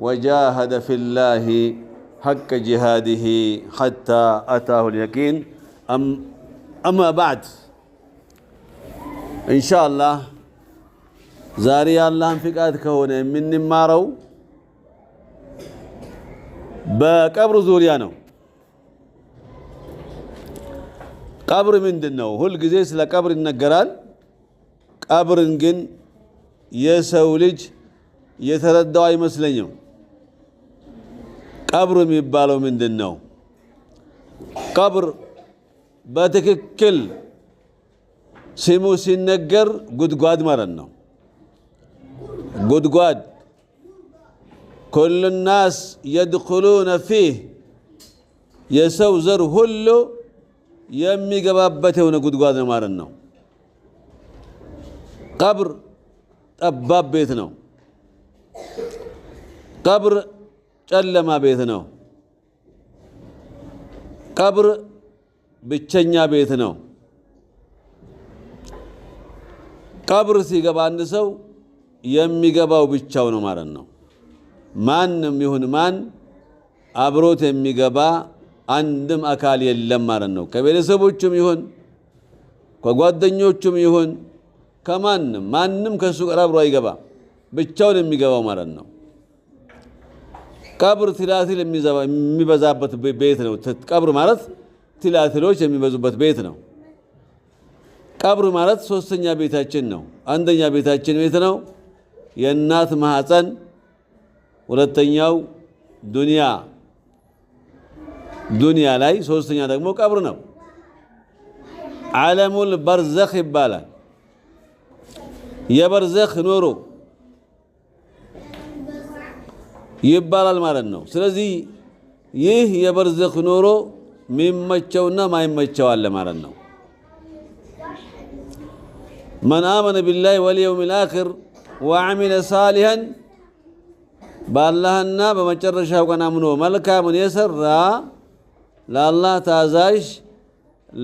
وجاهد في الله حق جهاده حتى أتاه اليقين أم أما بعد إن شاء الله زاري الله في قاد هنا من مارو بقبر زوريانو قبر من دنو هل قزيس لقبر النقران قبر انجن يسولج يتردو اي مسلنيو ቀብር የሚባለው ምንድን ነው? ቀብር በትክክል ስሙ ሲነገር ጉድጓድ ማለት ነው። ጉድጓድ ኩሉ ናስ የድኹሉነ ፊህ የሰው ዘር ሁሉ የሚገባበት የሆነ ጉድጓድ ነው ማለት ነው። ቀብር ጠባብ ቤት ነው። ቀብር ጨለማ ቤት ነው። ቀብር ብቸኛ ቤት ነው። ቀብር ሲገባ አንድ ሰው የሚገባው ብቻው ነው ማለት ነው። ማንም ይሁን ማን አብሮት የሚገባ አንድም አካል የለም ማለት ነው። ከቤተሰቦቹም ይሁን ከጓደኞቹም ይሁን ከማንም ማንም ከእሱ ጋር አብሮ አይገባ፣ ብቻውን የሚገባው ማለት ነው። ቀብር ትላትል የሚበዛበት ቤት ነው። ቀብር ማለት ትላትሎች የሚበዙበት ቤት ነው። ቀብር ማለት ሶስተኛ ቤታችን ነው። አንደኛ ቤታችን ቤት ነው የእናት ማህፀን፣ ሁለተኛው ዱንያ ዱንያ ላይ፣ ሶስተኛ ደግሞ ቀብር ነው። ዓለሙል በርዘኽ ይባላል። የበርዘኽ ኑሮ ይባላል ማለት ነው። ስለዚህ ይህ የበርዘኽ ኑሮ ሚመቸውና ማይመቸው አለ ማለት ነው። መን አመነ ቢላሂ ወልየውሚል አኺር ወዐሚለ ሳሊሃን በአላህና በመጨረሻው ቀን አምኖ መልካምን የሰራ ለአላህ ታዛዥ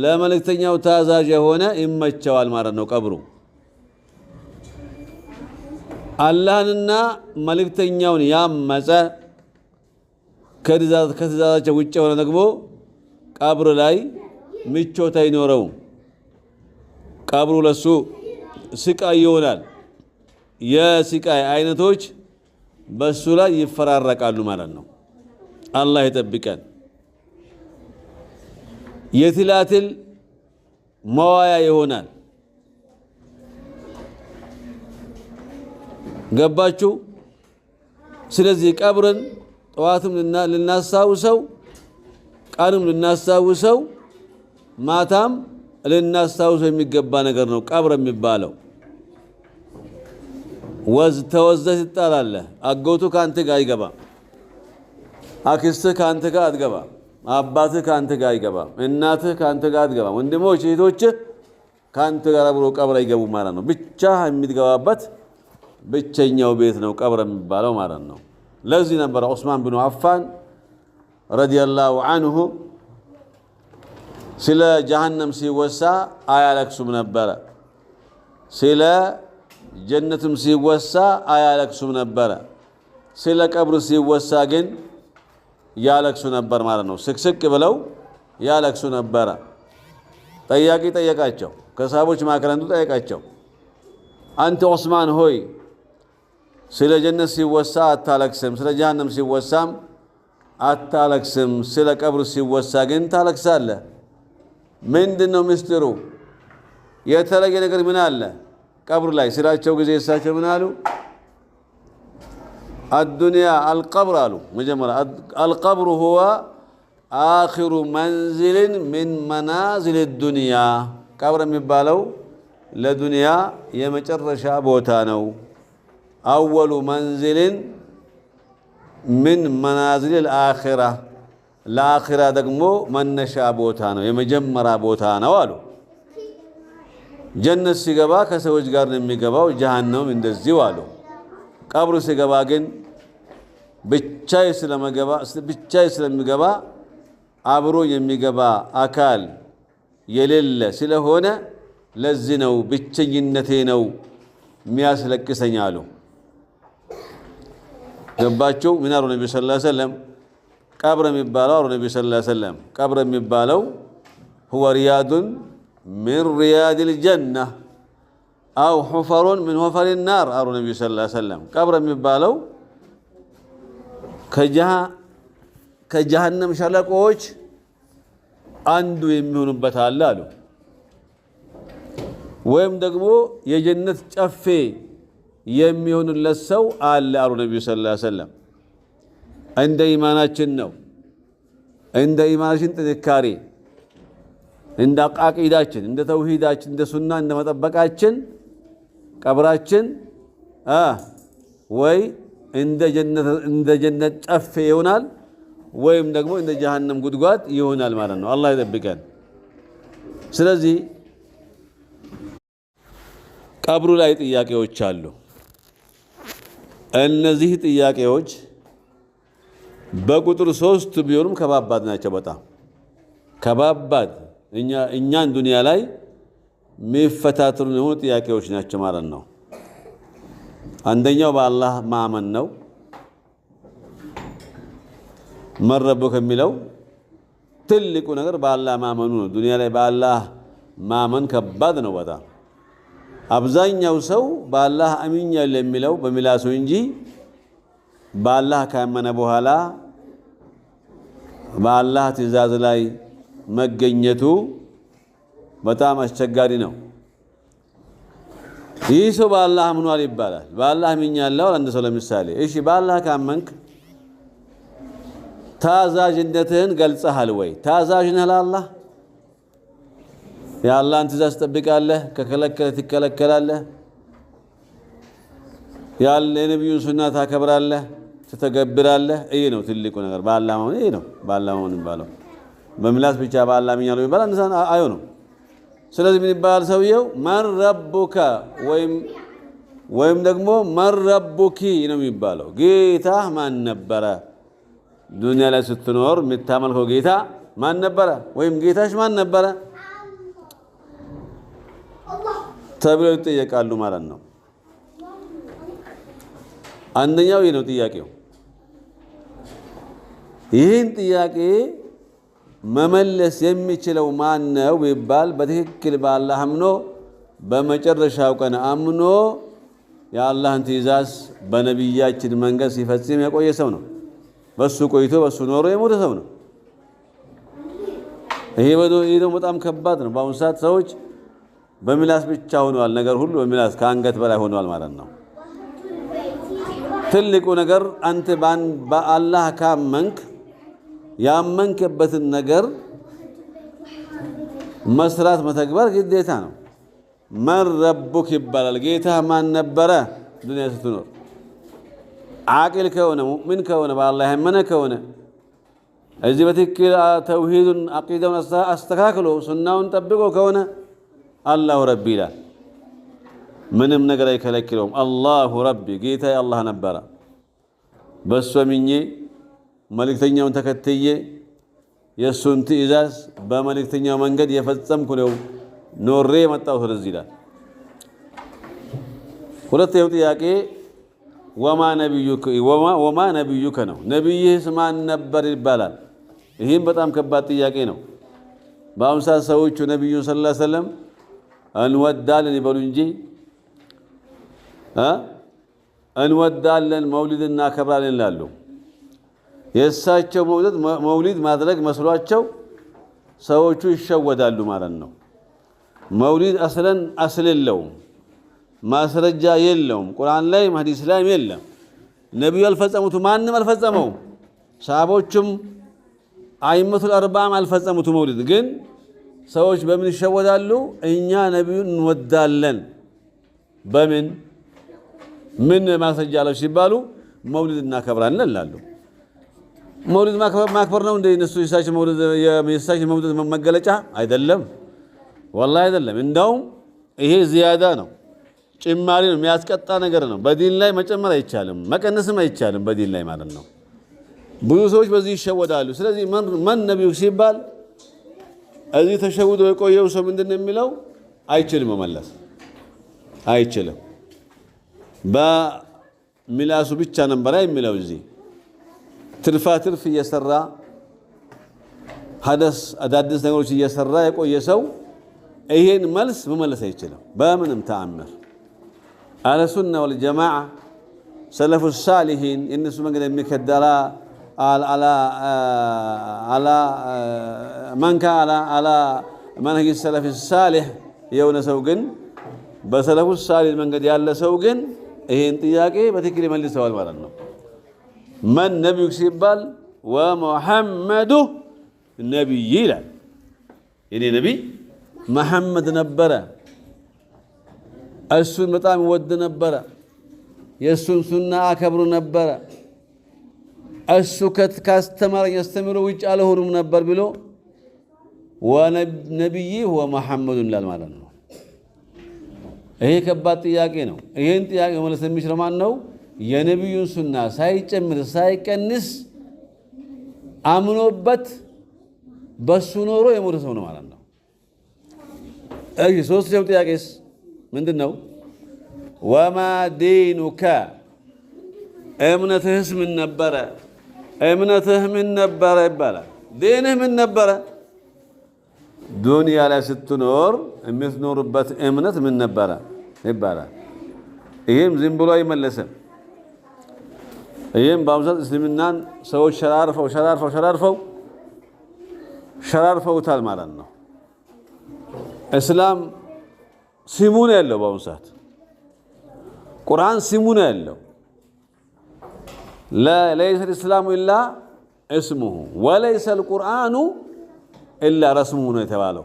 ለመልእክተኛው ታዛዥ የሆነ ይመቸዋል ማለት ነው ቀብሩ አላህንና መልእክተኛውን ያመፀ ከትእዛዛቸው ውጭ የሆነ ደግሞ ቀብር ላይ ምቾት አይኖረውም። ቀብሩ ለሱ ስቃይ ይሆናል። የስቃይ አይነቶች በሱ ላይ ይፈራረቃሉ ማለት ነው። አላህ ይጠብቀን። የትላትል መዋያ ይሆናል። ገባችሁ? ስለዚህ ቀብርን ጠዋትም ልናስታውሰው፣ ቀንም ልናስታውሰው፣ ማታም ልናስታውሰው የሚገባ ነገር ነው ቀብር የሚባለው። ወዝ ተወዘት ትጣላለህ። አጎቱ ከአንተ ጋር አይገባም። አክስትህ ከአንተ ጋር አትገባም። አባትህ ከአንተ ጋር አይገባም። እናትህ ከአንተ ጋር አትገባም። ወንድሞች እህቶችህ ከአንተ ጋር አብሮ ቀብር አይገቡ ማለት ነው። ብቻ የሚትገባበት ብቸኛው ቤት ነው ቀብር የሚባለው ማለት ነው። ለዚህ ነበረ ዑስማን ብኑ አፋን ረዲየላሁ አንሁ ስለ ጀሃነም ሲወሳ አያለክሱም ነበረ፣ ስለ ጀነትም ሲወሳ አያለክሱም ነበረ። ስለ ቀብር ሲወሳ ግን ያለክሱ ነበር ማለት ነው። ስቅስቅ ብለው ያለክሱ ነበረ። ጠያቂ ጠየቃቸው፣ ከሳቦች መካከል አንዱ ጠየቃቸው፣ አንተ ዑስማን ሆይ ስለ ጀነት ሲወሳ አታለቅስም፣ ስለ ጀሃነም ሲወሳም አታለቅስም። ስለ ቀብር ሲወሳ ግን ታለቅሳለ። ምንድን ነው ምስጢሩ? የተለየ ነገር ምን አለ? ቀብር ላይ ስላቸው ጊዜ እሳቸው ምን አሉ? አዱንያ አልቀብር አሉ። መጀመሪያ አልቀብሩ ሁወ አኪሩ መንዝልን ምን መናዝል ዱንያ፣ ቀብር የሚባለው ለዱንያ የመጨረሻ ቦታ ነው። አወሉ መንዝልን ምን መናዝል ልአራ ለአራ ደግሞ መነሻ ቦታ ነው፣ የመጀመሪያ ቦታ ነው አሉ። ጀነት ሲገባ ከሰዎች ጋር ነው የሚገባው። ጀሃነም እንደዚሁ አሉ። ቀብሩ ሲገባ ግን ብቻይ ስለሚገባ አብሮ የሚገባ አካል የሌለ ስለሆነ ለዚህ ነው ብቸኝነቴ ነው የሚያስለቅሰኝ አሉ። ገባቸው። ምን አሉ ነቢ ስላ ሰለም? ቀብር የሚባለው አሉ ነቢ ስላ ሰለም ቀብር የሚባለው ሁወ ሪያዱን ምን ሪያድ ልጀና አው ሑፈሩን ምን ሑፈሪ ናር አሉ ነቢ ስላ ሰለም ቀብር የሚባለው ከጀሃነም ሸለቆዎች አንዱ የሚሆኑበት አለ አሉ። ወይም ደግሞ የጀነት ጨፌ የሚሆንለት ሰው አለ አሉ ነቢዩ ሰለላሁ ዐለይሂ ወሰለም። እንደ ኢማናችን ነው፣ እንደ ኢማናችን ጥንካሬ፣ እንደ አቃቂዳችን፣ እንደ ተውሂዳችን፣ እንደ ሱና እንደ መጠበቃችን ቀብራችን ወይ እንደ ጀነት ጨፌ ይሆናል ወይም ደግሞ እንደ ጀሃነም ጉድጓድ ይሆናል ማለት ነው። አላህ ይጠብቀን። ስለዚህ ቀብሩ ላይ ጥያቄዎች አሉ። እነዚህ ጥያቄዎች በቁጥር ሶስት ቢሆኑም ከባባድ ናቸው። በጣም ከባባድ እኛን ዱንያ ላይ የሚፈታትኑ የሆኑ ጥያቄዎች ናቸው ማለት ነው። አንደኛው በአላህ ማመን ነው። መረቦ ከሚለው ትልቁ ነገር በአላህ ማመኑ ነው። ዱንያ ላይ በአላህ ማመን ከባድ ነው በጣም አብዛኛው ሰው በአላህ አሚኛል የሚለው በሚላሱ እንጂ በአላህ ካመነ በኋላ በአላህ ትእዛዝ ላይ መገኘቱ በጣም አስቸጋሪ ነው። ይህ ሰው በአላህ አምኗል ይባላል። በአላህ አምኛለሁ። አንድ ሰው ለምሳሌ እሺ፣ በአላህ ካመንክ ታዛዥነትህን ገልጸሃል ወይ? ታዛዥ ነህ ለአላህ የአላህን ትእዛዝ ትጠብቃለህ፣ ከከለከለ ትከለከላለህ፣ የነቢዩን ሱና ታከብራለህ፣ ትተገብራለህ። ይህ ነው ትልቁ ነገር በአላህ ይህ ነው በአላህ የሚባለው። በምላስ ብቻ በአላህ ምኛለሁ የሚባል አንሳን አይሆንም። ስለዚህ ምን ይባላል ሰውየው ማን ረቡከ ወይም ደግሞ ማን ረቡኪ ነው የሚባለው። ጌታ ማን ነበረ? ዱንያ ላይ ስትኖር የምታመልከው ጌታ ማን ነበረ? ወይም ጌታሽ ማን ነበረ? ተብለው ይጠየቃሉ ማለት ነው። አንደኛው ይህ ነው ጥያቄው። ይህን ጥያቄ መመለስ የሚችለው ማን ነው ቢባል በትክክል በአላህ አምኖ በመጨረሻው ቀን አምኖ የአላህን ትእዛዝ በነቢያችን መንገድ ሲፈጽም የቆየ ሰው ነው። በሱ ቆይቶ በሱ ኖሮ የሞተ ሰው ነው። ይህ ደግሞ በጣም ከባድ ነው በአሁኑ ሰዓት ሰዎች በሚላስ ብቻ ሆኗል። ነገር ሁሉ በሚላስ ከአንገት በላይ ሆኗል ማለት ነው። ትልቁ ነገር አንተ በአላህ ካመንክ ያመንክበትን ነገር መስራት መተግበር ግዴታ ነው። መን ረቡክ ይባላል። ጌታ ማን ነበረ ዱንያ ስትኖር? አቂል ከሆነ ሙእሚን ከሆነ በአላህ ያመነ ከሆነ እዚህ በትክክል ተውሂዱን አቂዳውን አስተካክሎ ሱናውን ጠብቆ ከሆነ አላሁ ረቢ ይላል። ምንም ነገር አይከለክለውም። አላሁ ረቢ ጌታ አላህ ነበረ። በሱ አምኜ መልእክተኛውን ተከትዬ የእሱን ትእዛዝ በመልእክተኛው መንገድ የፈጸምኩ ነው ኖሬ የመጣሁት ወደዚህ ይላል። ሁለተኛው ጥያቄ ወማ ነቢዩከ ነው። ነቢይህስ ማን ነበር ይባላል። ይህም በጣም ከባድ ጥያቄ ነው። በአሁኑ ሰዓት ሰዎቹ ነቢዩን ሰለላሁ ዐለይሂ ወሰለም እንወዳለን ይበሉ እንጂ እንወዳለን መውሊድ እናከብራለን ይላሉ። የእሳቸው መውሊድ ማድረግ መስሏቸው ሰዎቹ ይሸወዳሉ ማለት ነው። መውሊድ አስለን አስል የለውም፣ ማስረጃ የለውም። ቁርአን ላይ ሐዲስ ላይም የለም። ነቢዩ አልፈጸሙቱ፣ ማንም አልፈጸመው። ሰሃቦቹም አይመቱል አርባም አልፈጸሙቱ። መውሊድ ግን ሰዎች በምን ይሸወዳሉ? እኛ ነቢዩን እንወዳለን በምን ምን ማስረጃ አለው ሲባሉ መውሊድ እናከብራለን ይላሉ። መውሊድ ማክበር ነው እንደ እነሱ የእሳቸው መውሊድ መገለጫ አይደለም፣ ወላሂ አይደለም። እንደውም ይሄ ዝያዳ ነው፣ ጭማሪ ነው፣ የሚያስቀጣ ነገር ነው። በዲን ላይ መጨመር አይቻልም፣ መቀነስም አይቻልም፣ በዲን ላይ ማለት ነው። ብዙ ሰዎች በዚህ ይሸወዳሉ። ስለዚህ ማን ነቢዩ ሲባል እዚህ ተሸውዶ የቆየው ሰው ምንድን ነው የሚለው? አይችልም መመለስ አይችልም። በሚላሱ ብቻ ነበራ የሚለው እዚህ ትርፋ ትርፍ እየሰራ ሀደስ አዳዲስ ነገሮች እየሰራ የቆየ ሰው ይሄን መልስ መመለስ አይችልም በምንም ተአምር። አህለሱና ወልጀማዓ ሰለፉ ሳሊሂን የእነሱ መንገድ የሚከደራ على መንካ على መንሀጅ ሰለፍ ሳሌሕ የሆነ ሰው ግን በሰለፉ ሳሊህ መንገድ ያለ ሰው ግን ይሄን ጥያቄ በትክክል ይመልሰዋል ማለት ነው። መን ነቢዩ ሲባል ወሙሐመዱ ነቢይ ይላል። የኔ ነቢይ መሐመድ ነበረ፣ እሱን በጣም ይወድ ነበረ፣ የእሱን ሱና አከብሩ ነበረ እሱ ካስተማረኝ አስተምሮ ውጭ አልሆኑም ነበር ብሎ ነቢይ ወ መሐመዱ ይላል ማለት ነው። ይሄ ከባድ ጥያቄ ነው። ይህን ጥያቄ መለስ የሚችለው ማን ነው? የነቢዩን ሱና ሳይጨምር ሳይቀንስ አምኖበት በሱ ኖሮ የሞተ ሰው ነው ማለት ነው። እሺ ሶስተኛው ጥያቄስ ምንድን ነው? ወማ ዲኑከ እምነትህስ ምን ነበረ? እምነትህ ምን ነበረ ይባላል። ዲንህ ምን ነበረ? ዱንያ ላይ ስትኖር የምትኖርበት እምነት ምን ነበረ ይባላል። ይህም ዝም ብሎ አይመለስም። ይህም በአብዛት እስልምናን ሰዎች ሸራርፈው ሸራርፈው ሸራርፈው ሸራርፈውታል ማለት ነው። እስላም ስሙ ያለው። በአሁኑ ሰዓት ቁርአን ሲሙን ያለው። ለይሰ ልእስላሙ ኢላ እስሙሁ ወለይሰ ልቁርአኑ ኢላ ረስሙሁ ነው የተባለው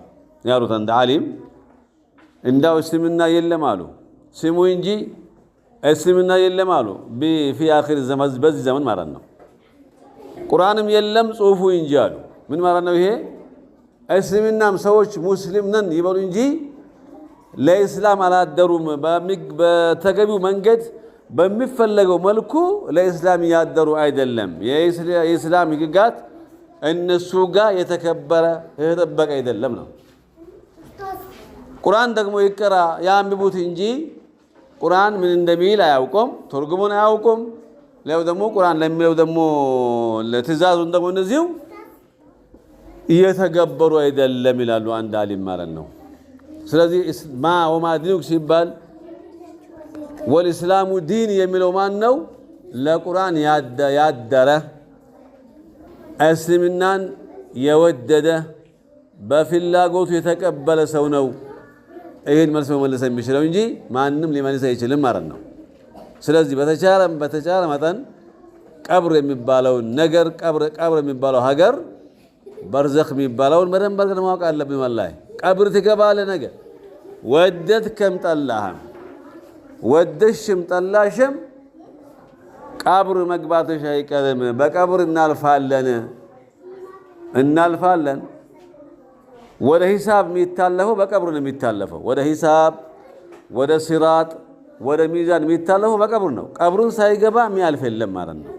ያሉት አንድ ዓሊም እንዳው እስልምና የለም አሉ። ስሙ እንጂ እስልምና የለም አሉ። ፊ አኺር በዚህ ዘመን ማለት ነው። ቁርአንም የለም ጽሁፉ እንጂ አሉ። ምን ማለት ነው ይሄ? እስልምናም ሰዎች ሙስሊም ነን ይበሉ እንጂ ለእስላም አላደሩም። በተገቢው መንገድ በሚፈለገው መልኩ ለኢስላም እያደሩ አይደለም። የኢስላም ሕግጋት እነሱ ጋር የተከበረ የተጠበቀ አይደለም ነው። ቁርአን ደግሞ ይቀራ ያንብቡት እንጂ ቁርአን ምን እንደሚል አያውቁም፣ ትርጉሙን አያውቁም። ለው ደግሞ ቁርአን ለሚለው ደግሞ ለትእዛዙን ደግሞ እነዚሁ እየተገበሩ አይደለም ይላሉ አንድ አሊም ማለት ነው። ስለዚህ ማ ወማ ዲኑክ ሲባል ወልእስላሙ ዲን የሚለው ማን ነው? ለቁርአን ያደረ እስልምናን የወደደ በፍላጎቱ የተቀበለ ሰው ነው ይህን መልስ መመለስ የሚችለው እንጂ ማንም ሊመልስ አይችልም ማለት ነው። ስለዚህ በተቻለ መጠን ቀብር የሚባለውን ነገር ቀብር የሚባለው ሀገር በርዘክ የሚባለውን በደንብ አድርገን ማወቅ አለብን። ላይ ቀብር ትገባለህ ነገር ወደድከም ጠላህም ወደሽም ጠላሽም ቀብር መግባትሽ አይቀርም። በቀብር እናልፋለን እናልፋለን። ወደ ሂሳብ የሚታለፈው በቀብር ነው የሚታለፈው። ወደ ሂሳብ፣ ወደ ሲራጥ፣ ወደ ሚዛን የሚታለፈው በቀብር ነው። ቀብሩን ሳይገባ የሚያልፍ የለም ማለት ነው።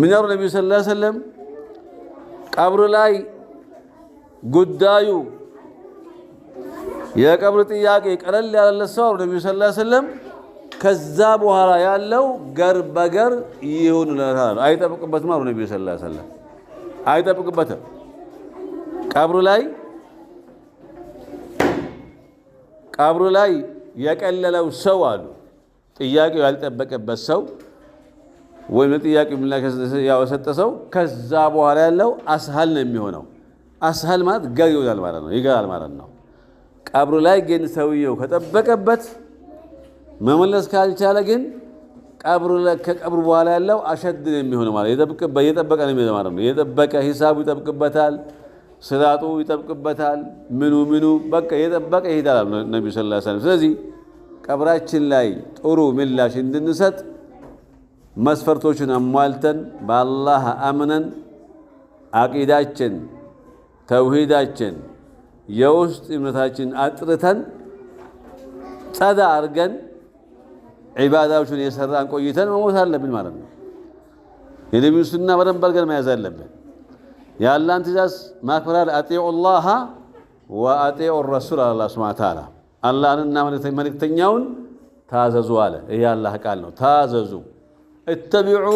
ምን ነቢዩ ሰለላሁ ዐለይሂ ወሰለም ቀብር ላይ ጉዳዩ የቀብር ጥያቄ ቀለል ያለሰው አሉ ነቢዩ ሰለላሁ ዐለይሂ ወሰለም። ከዛ በኋላ ያለው ገር በገር ይሁን ለታል አይጠብቅበትም አሉ ነቢዩ ሰለላሁ ዐለይሂ ወሰለም። አይጠብቅበትም ቀብሩ ላይ ቀብሩ ላይ የቀለለው ሰው አሉ ጥያቄው ያልጠበቀበት ሰው ወይም ለጥያቄው ያው የሰጠ ሰው ከዛ በኋላ ያለው አስሃል ነው የሚሆነው። አስሃል ማለት ገር ይሆናል ማለት ነው፣ ይገራል ማለት ነው። ቀብሩ ላይ ግን ሰውየው ከጠበቀበት መመለስ ካልቻለ ግን ቀብሩ ከቀብሩ በኋላ ያለው አሸድ ነው የሚሆነው። ማለት እየጠበቀ ነው የሚሆነው ማለት ነው። የጠበቀ ሂሳቡ ይጠብቅበታል፣ ስራጡ ይጠብቅበታል፣ ምኑ ምኑ በቃ የጠበቀ ይሄዳል ነቢ ሰለላሁ ዐለይሂ ወሰለም። ስለዚህ ቀብራችን ላይ ጥሩ ምላሽ እንድንሰጥ መስፈርቶችን አሟልተን በአላህ አምነን አቂዳችን ተውሂዳችን የውስጥ እምነታችን አጥርተን ጸዳ አርገን ዒባዳዎችን የሰራን ቆይተን መሞት አለብን ማለት ነው። የነቢዩ ሱና በደንብ አርገን መያዝ አለብን። የአላህን ትእዛዝ ማክበራል አጢዑ ላሃ ወአጢዑ ረሱል አላ ስብን ታላ አላህንና መልእክተኛውን ታዘዙ አለ። ይህ አላህ ቃል ነው። ታዘዙ እተቢዑ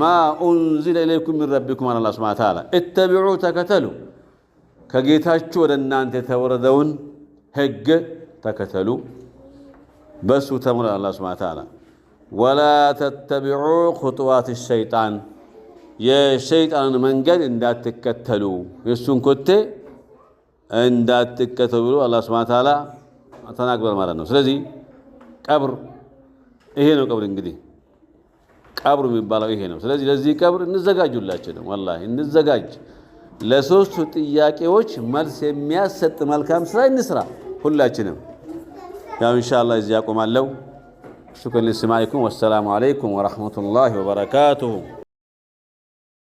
ማ ኡንዚለ ኢለይኩም ምን ረቢኩም አላ ስብን ታላ እተቢዑ ተከተሉ ከጌታችሁ ወደ እናንተ የተወረደውን ህግ ተከተሉ፣ በሱ ተምሩ። አላ ስብን ታላ ወላ ተተቢዑ ኹጡዋት ሸይጣን የሸይጣንን መንገድ እንዳትከተሉ የእሱን ኮቴ እንዳትከተሉ ብሎ አላ ስብን ታላ ተናግሯል ማለት ነው። ስለዚህ ቀብር ይሄ ነው። ቀብር እንግዲህ ቀብሩ የሚባለው ይሄ ነው። ስለዚህ ለዚህ ቀብር እንዘጋጁላችሁ፣ ወላሂ እንዘጋጅ። ለሶስቱ ጥያቄዎች መልስ የሚያሰጥ መልካም ስራ እንስራ ሁላችንም። ያው ኢንሻአላህ እዚህ ያቆማለሁ። ሹክራን ሊስማዒኩም ወሰላሙ አለይኩም ወራህመቱላሂ ወበረካቱሁ።